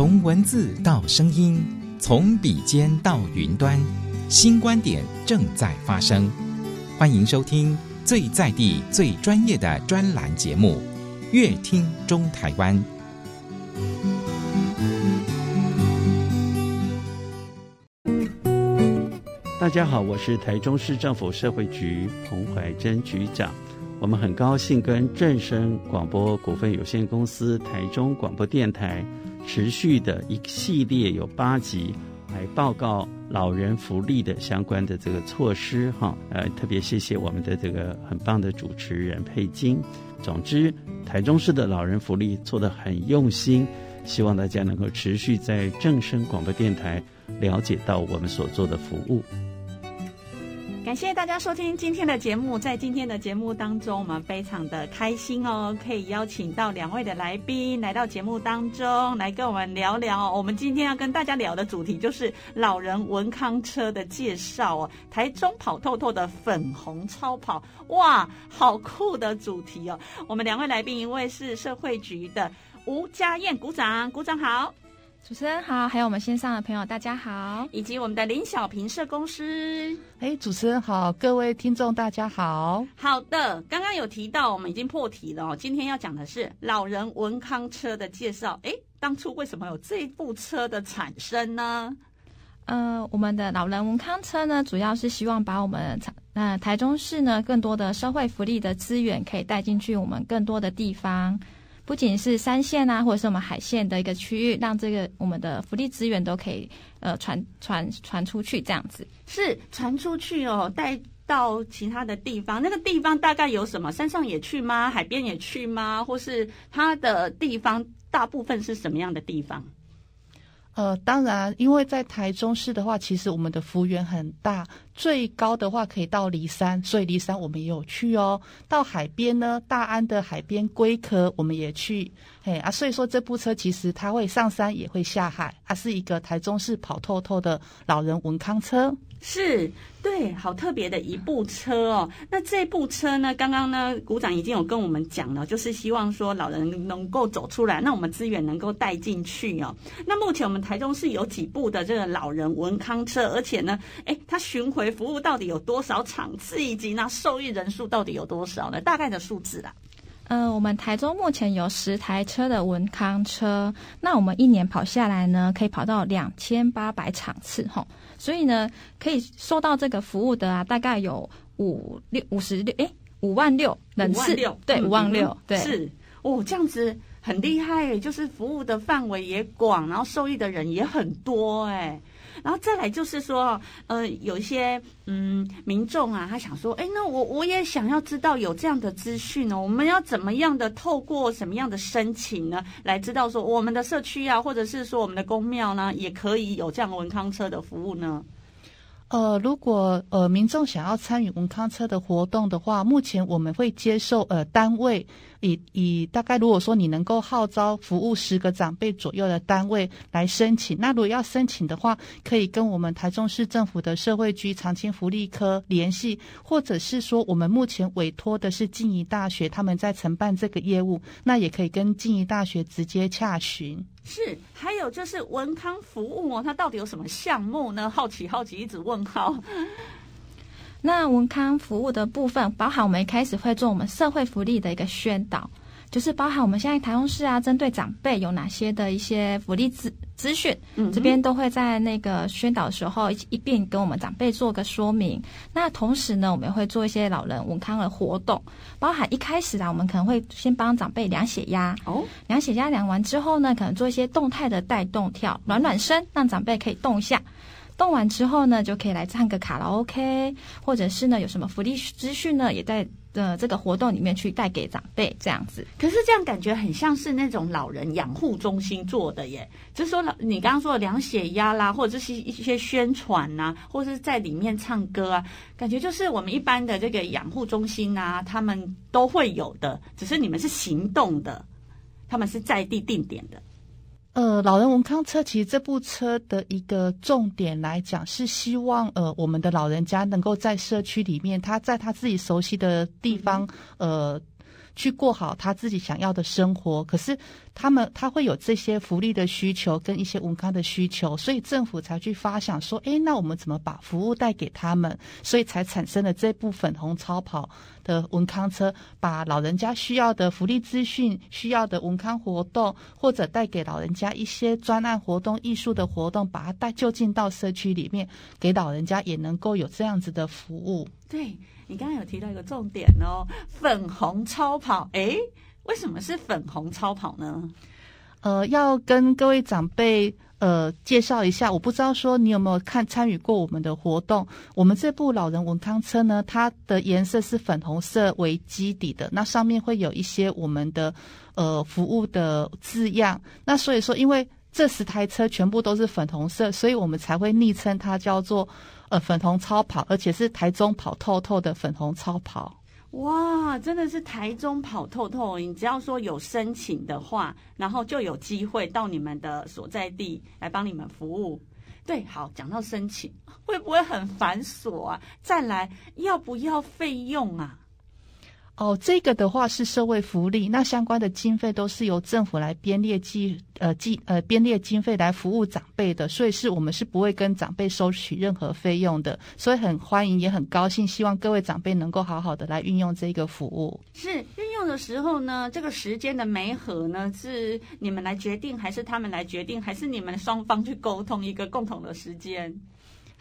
從文字到聲音，從筆尖到雲端，新觀點正在發生。歡迎收聽最在地、最專業的專欄節目《樂聽中台灣》。大家好，我是台中市政府社會局彭懷珍局長。我們很高興跟正聲廣播股份有限公司台中廣播電台，持續的一系列有八集來報告老人福利的相關的這個措施哈，呃，特別謝謝我們的這個很棒的主持人佩金。總之，台中市的老人福利做得很用心，希望大家能夠持續在正聲廣播電台了解到我們所做的服務。感謝大家收聽今天的節目，在今天的節目當中，我們非常的開心哦，可以邀請到兩位的來賓來到節目當中來跟我們聊聊哦。我們今天要跟大家聊的主題就是老人文康車的介紹哦，台中跑透透的粉紅超跑，哇，好酷的主題哦。我們兩位來賓，一位是社會局的吳佳燕，鼓掌，鼓掌好。主持人好，還有我們線上的朋友，大家好，以及我們的林曉萍社工師。哎，主持人好，各位聽眾大家好。好的，剛剛有提到我們已經破題了哦，今天要講的是老人文康車的介紹。哎，當初為什麼有這一部車的產生呢？嗯，呃，我們的老人文康車呢，主要是希望把我們，呃，台中市呢更多的社會福利的資源，可以帶進去我們更多的地方。不僅是山線啊，或者是我們海線的一個區域，讓這個我們的福利資源都可以呃傳傳傳出去，這樣子。是，傳出去哦，帶到其他的地方。那個地方大概有什麼？山上也去嗎？海邊也去嗎？或是它的地方大部分是什麼樣的地方？呃，當然、啊，因為在台中市的話，其實我們的幅員很大，最高的話可以到梨山，所以梨山我們也有去哦。到海邊呢，大安的海邊龜殼我們也去，嘿啊，所以說這部車其實它會上山也會下海，啊，是一個台中市跑透透的老人文康車。是對，好特別的一部車哦。那這部車呢，剛剛呢，股長已經有跟我們講了，就是希望說老人能夠走出來，那我們資源能夠帶進去哦。那目前我們台中是有幾部的這個老人文康車，而且呢，誒，它巡回服務到底有多少場次，以及那受益人數到底有多少呢？大概的數字啦。呃，我們台中目前有十台車的文康車，那我們一年跑下來呢，可以跑到兩千八百場次吼，所以呢，可以收到這個服務的啊，大概有五六五十六，哎、欸，五萬六人次，兩萬六，對，五萬六，五萬六，對，是哦，這樣子很厲害，就是服務的範圍也廣，然後受益的人也很多，哎。然後再來就是說，呃，有一些嗯民眾啊，他想說，哎，那我我也想要知道有這樣的資訊呢，我們要怎麼樣的透過什麼樣的申請呢，來知道說我們的社區啊，或者是說我們的宮廟呢，也可以有這樣文康車的服務呢？呃，如果呃民眾想要參與文康車的活動的話，目前我們會接受呃單位以以大概，如果說你能夠號召服務十個長輩左右的單位來申請，那如果要申請的話，可以跟我們台中市政府的社會局長青福利科聯繫，或者是說我們目前委托的是靜宜大學，他們在承辦這個業務，那也可以跟靜宜大學直接洽詢。是，還有就是文康服務哦，它到底有什麼項目呢？好奇好奇，一直問號。那文康服務的部分，包含我們一開始會做我們社會福利的一個宣導，就是包含我們現在台中市啊，針對長輩有哪些的一些福利資資訊，這邊都會在那個宣導的時候一一並跟我們長輩做個說明。那同時呢，我們也會做一些老人文康的活動，包含一開始啊，我們可能會先幫長輩量血壓，哦，量血壓量完之後呢，可能做一些動態的帶動跳，暖暖身，讓長輩可以動一下。動完之後呢，就可以來唱個卡拉 OK，或者是呢，有什麼福利資訊呢，也在。的這個活動裡面去帶給長輩這樣子。可是這樣感覺很像是那種老人養護中心做的耶，就是說老，你剛剛說的量血壓啦，或者是一些宣傳吶，或者是在裡面唱歌啊，感覺就是我們一般的這個養護中心啊，他們都會有的，只是你們是行動的，他們是在地定點的。呃，老人文康車其實這部車的一個重點來講，是希望呃我們的老人家能夠在社區裡面，他在他自己熟悉的地方，嗯嗯呃。去過好他自己想要的生活，可是他們他會有這些福利的需求跟一些文康的需求，所以政府才去發想說，哎，那我們怎麼把服務帶給他們？所以才產生了這部粉紅超跑的文康車，把老人家需要的福利資訊、需要的文康活動，或者帶給老人家一些專案活動、藝術的活動，把它帶就近到社區裡面，給老人家也能夠有這樣子的服務。對。你剛剛有提到一個重點哦，粉紅超跑，誒，為什麼是粉紅超跑呢？呃，要跟各位長輩呃介紹一下，我不知道說你有沒有看參與過我們的活動，我們這部老人文康車呢，它的顏色是粉紅色為基底的，那上面會有一些我們的呃服務的字樣，那所以說因為，這十台車全部都是粉紅色，所以我們才會昵稱它叫做，呃，“粉紅超跑”，而且是台中跑透透的粉紅超跑。哇，真的是台中跑透透！你只要說有申請的話，然後就有機會到你們的所在地來幫你們服務。對，好，講到申請會不會很繁瑣啊？再來，要不要費用啊？哦，這個的話是社會福利，那相關的經費都是由政府來編列記、呃，記呃記呃編列經費來服務長輩的，所以是我們是不會跟長輩收取任何費用的，所以很歡迎也很高興，希望各位長輩能夠好好的來運用這個服務。是運用的時候呢，這個時間的媒合呢，是你們來決定，還是他們來決定，還是你們雙方去溝通一個共同的時間？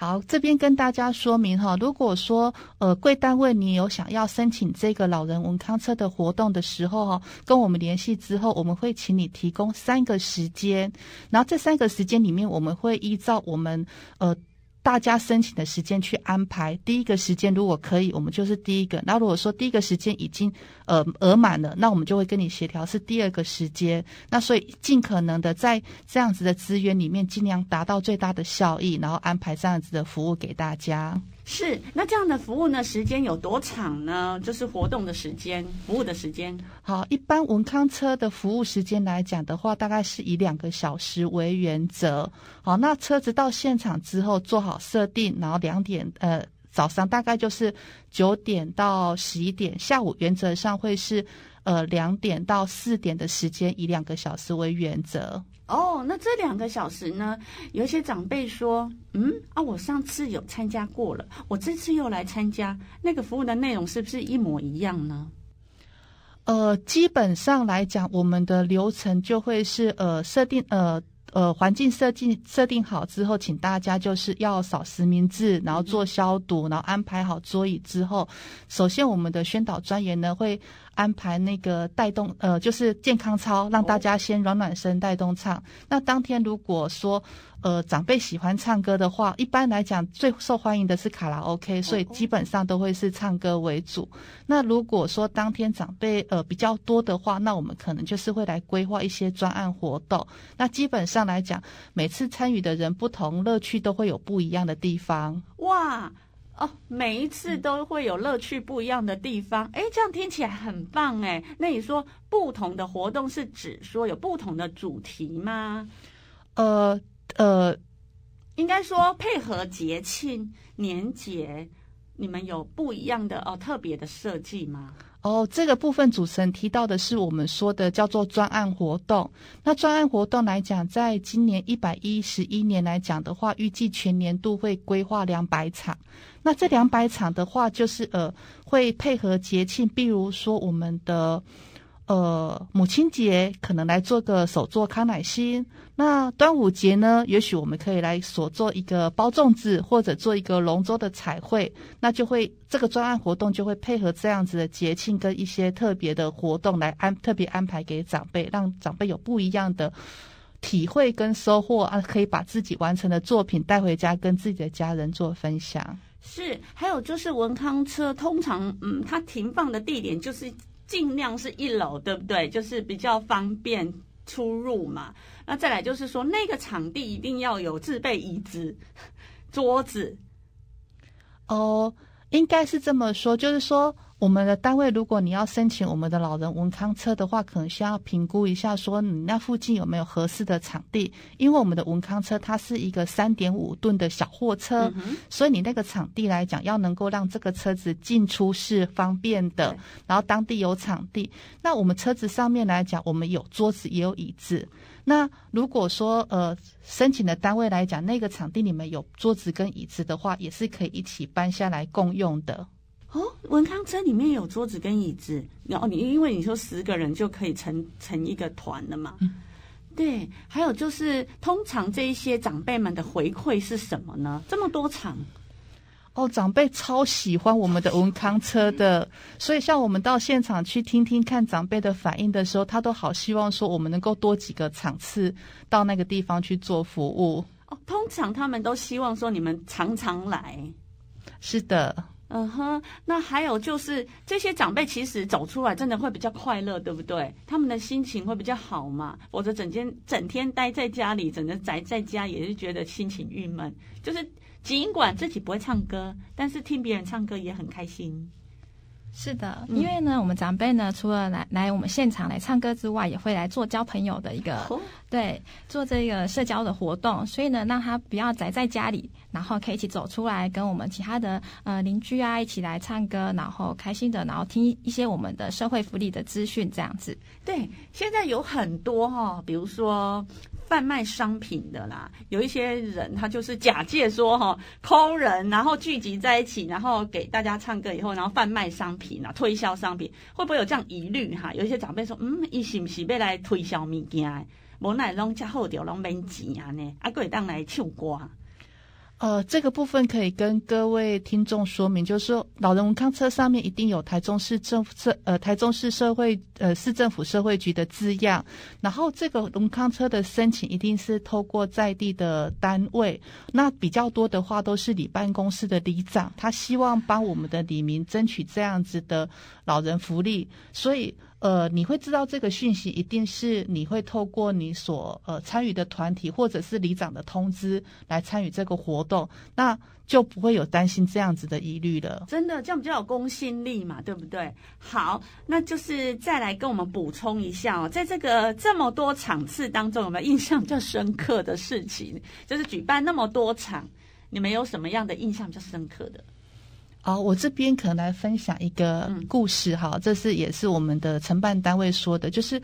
好，這邊跟大家說明哈，如果說呃貴單位你有想要申請這個老人文康車的活動的時候哈，跟我們聯繫之後，我們會請你提供三個時間，然後這三個時間裡面，我們會依照我們呃。大家申請的時間去安排，第一個時間如果可以，我們就是第一個。那如果說第一個時間已經呃額滿了，那我們就會跟你協調是第二個時間。那所以盡可能的在這樣子的資源裡面，盡量達到最大的效益，然後安排這樣子的服務給大家。是，那這樣的服務呢？時間有多長呢？就是活動的時間，服務的時間。好，一般文康車的服務時間來講的話，大概是以兩個小時為原則。好，那車子到現場之後做好設定，然後兩點呃，早上大概就是九點到十一點，下午原則上會是呃兩點到四點的時間，以兩個小時為原則。哦，oh, 那這兩個小時呢？有一些長輩說：“嗯啊，我上次有參加過了，我這次又來參加，那個服務的內容是不是一模一樣呢？”呃，基本上來講，我們的流程就會是呃設定，呃呃環境設定，設定好之後，請大家就是要掃實名制，然後做消毒，嗯、然後安排好桌椅之後，首先我們的宣導專員呢會。安排那個帶動，呃，就是健康操，讓大家先暖暖身帶動唱。哦。那當天如果說，呃，長輩喜歡唱歌的話，一般來講最受歡迎的是卡拉 OK，哦哦哦。所以基本上都會是唱歌為主。那如果說當天長輩呃比較多的話，那我們可能就是會來規劃一些專案活動。那基本上來講，每次參與的人不同，樂趣都會有不一樣的地方。哇！哦，每一次都會有樂趣不一樣的地方。誒，這樣聽起來很棒誒，那你說不同的活動是指說有不同的主題嗎？呃呃，應該說配合節慶年節，你們有不一樣的哦特別的設計嗎？哦，這個部分主持人提到的是我們說的叫做專案活動。那專案活動來講，在今年一百一十一年來講的話，預計全年度會規劃兩百場。那這兩百場的話，就是呃，會配合節慶，比如說我們的。呃，母親節可能來做個手作康乃馨，那端午節呢，也許我們可以來所做一個包粽子，或者做一個龍舟的彩繪，那就會這個專案活動就會配合這樣子的節慶跟一些特別的活動來安特別安排給長輩，讓長輩有不一樣的體會跟收穫啊，可以把自己完成的作品帶回家跟自己的家人做分享。是，還有就是文康車，通常嗯，它停放的地點就是。盡量是一樓，對不對？就是比較方便出入嘛。那再來就是說，那個場地一定要有自備椅子、桌子。哦，應該是這麼說，就是說。我們的單位，如果你要申請我們的老人文康車的話，可能需要評估一下，說你那附近有沒有合適的場地。因為我們的文康車它是一個三點五噸的小貨車，嗯、哼所以你那個場地來講，要能夠讓這個車子進出是方便的，對然後當地有場地。那我們車子上面來講，我們有桌子也有椅子。那如果說呃申請的單位來講，那個場地裡面有桌子跟椅子的話，也是可以一起搬下來共用的。哦，文康車裡面有桌子跟椅子，然後，哦，你因為你說十個人就可以成成一個團了嘛，嗯、對。還有就是，通常這一些長輩們的回饋是什麼呢？這麼多場，哦，長輩超喜歡我們的文康車的，所以像我們到現場去聽聽看長輩的反應的時候，他都好希望說我們能夠多幾個場次到那個地方去做服務。哦，通常他們都希望說你們常常來，是的。嗯哼、呃，那還有就是這些長輩其實走出來真的會比較快樂，對不對？他們的心情會比較好嘛。我就整天整天待在家裡，整天宅在家也是覺得心情鬱悶。就是儘管自己不會唱歌，但是聽別人唱歌也很開心。是的，因為呢，我們長輩呢，除了來來我們現場來唱歌之外，也會來做交朋友的一個，哦、對，做這個社交的活動，所以呢，讓他不要宅在家裡，然後可以一起走出來，跟我們其他的呃鄰居啊一起來唱歌，然後開心的，然後聽一些我們的社會福利的資訊，這樣子。對，現在有很多哈、哦，比如說。販賣商品的啦，有一些人他就是假借說哈、哦，摳人，然後聚集在一起，然後給大家唱歌以後，然後販賣商品啊，推銷商品，會不會有這樣疑慮哈、啊？有一些長輩說，嗯，伊是不是要來推銷物件？我奶攏吃好掉，攏免錢啊呢，啊，佫會當來唱歌。呃，這個部分可以跟各位聽眾說明，就是說，老人文康車上面一定有台中市政府社、呃台中市社會呃市政府社會局的字樣，然後這個文康車的申請一定是透過在地的單位，那比較多的話都是里辦公室的里長，他希望幫我們的里民爭取這樣子的老人福利，所以。呃，你會知道這個訊息一定是你會透過你所呃參與的團體或者是里長的通知來參與這個活動，那就不會有擔心這樣子的疑慮了。真的，這樣比較有公信力嘛，對不對？好，那就是再來跟我們補充一下哦，在這個這麼多場次當中，有沒有印象比較深刻的事情？就是舉辦那麼多場，你們有什麼樣的印象比較深刻的？啊、哦，我這邊可能來分享一個故事哈，嗯、這是也是我們的承辦單位說的，就是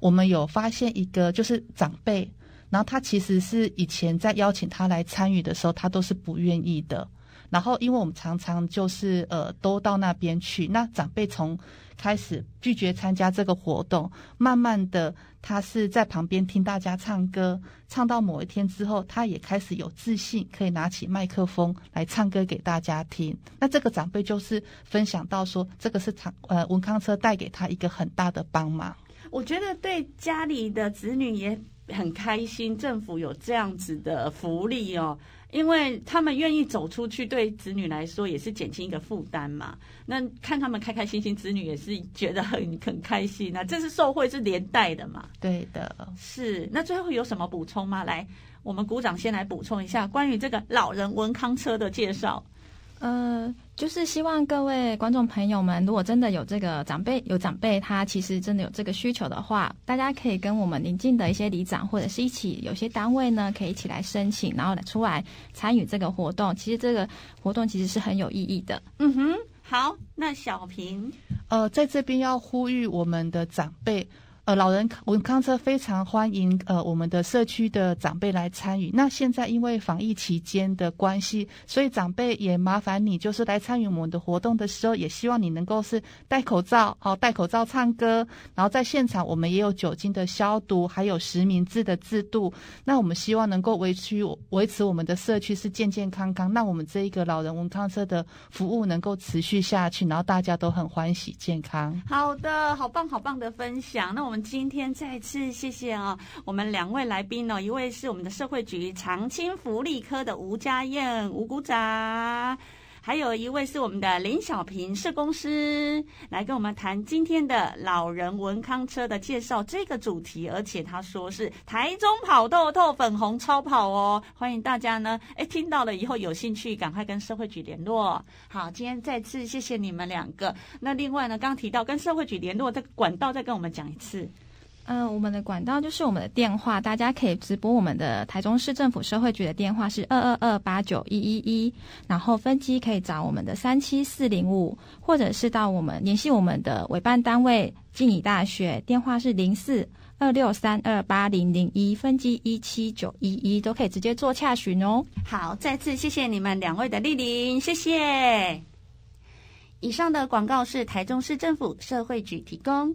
我們有發現一個就是長輩，然後他其實是以前在邀請他來參與的時候，他都是不願意的。然後，因為我們常常就是呃，都到那邊去。那長輩從開始拒絕參加這個活動，慢慢的，他是在旁邊聽大家唱歌，唱到某一天之後，他也開始有自信，可以拿起麥克風來唱歌給大家聽。那這個長輩就是分享到說，這個是長呃文康車帶給他一個很大的幫忙。我覺得對家裡的子女也很開心，政府有這樣子的福利哦。因為他們願意走出去，對子女來說也是減輕一個負擔嘛。那看他們開開心心，子女也是覺得很很開心啊。那這是受惠是連帶的嘛？對的，是。那最後有什麼補充嗎？來，我們鼓掌，先來補充一下關於這個老人文康車的介紹。呃，就是希望各位觀眾朋友們，如果真的有這個長輩，有長輩他其實真的有這個需求的話，大家可以跟我們鄰近的一些里長或者是一起有些單位呢，可以一起來申請，然後來出來參與這個活動。其實這個活動其實是很有意義的。嗯哼，好，那曉萍，呃，在這邊要呼籲我們的長輩。呃，老人文康車非常歡迎呃我們的社區的長輩來參與。那現在因為防疫期間的關係，所以長輩也麻煩你就是來參與我們的活動的時候，也希望你能夠是戴口罩，好，呃、戴口罩唱歌。然後在現場我們也有酒精的消毒，還有實名制的制度。那我們希望能夠維持維持我們的社區是健健康康，那我們這一個老人文康車的服務能夠持續下去，然後大家都很歡喜健康。好的，好棒好棒的分享。那我們。今天再次謝謝啊，我們兩位來賓呢，一位是我們的社會局長青福利科的吳佳燕吳股長。還有一位是我們的林曉萍社工師，來跟我們談今天的老人文康車的介紹這個主題，而且他說是台中跑透透粉紅超跑哦，歡迎大家呢，哎、欸、聽到了以後有興趣趕快跟社會局聯絡。好，今天再次謝謝你們兩個。那另外呢，剛提到跟社會局聯絡這個管道，再跟我們講一次。嗯、呃，我們的管道就是我們的電話，大家可以直撥我們的台中市政府社會局的電話是二二二八九一一一，1, 然後分機可以找我們的三七四零五，或者是到我們聯繫我們的委辦單位暨南大學，電話是零四二六三二八零零一，1, 分機一七九一一都可以直接做洽詢哦。好，再次謝謝你們兩位的蒞臨，謝謝。以上的廣告是台中市政府社會局提供。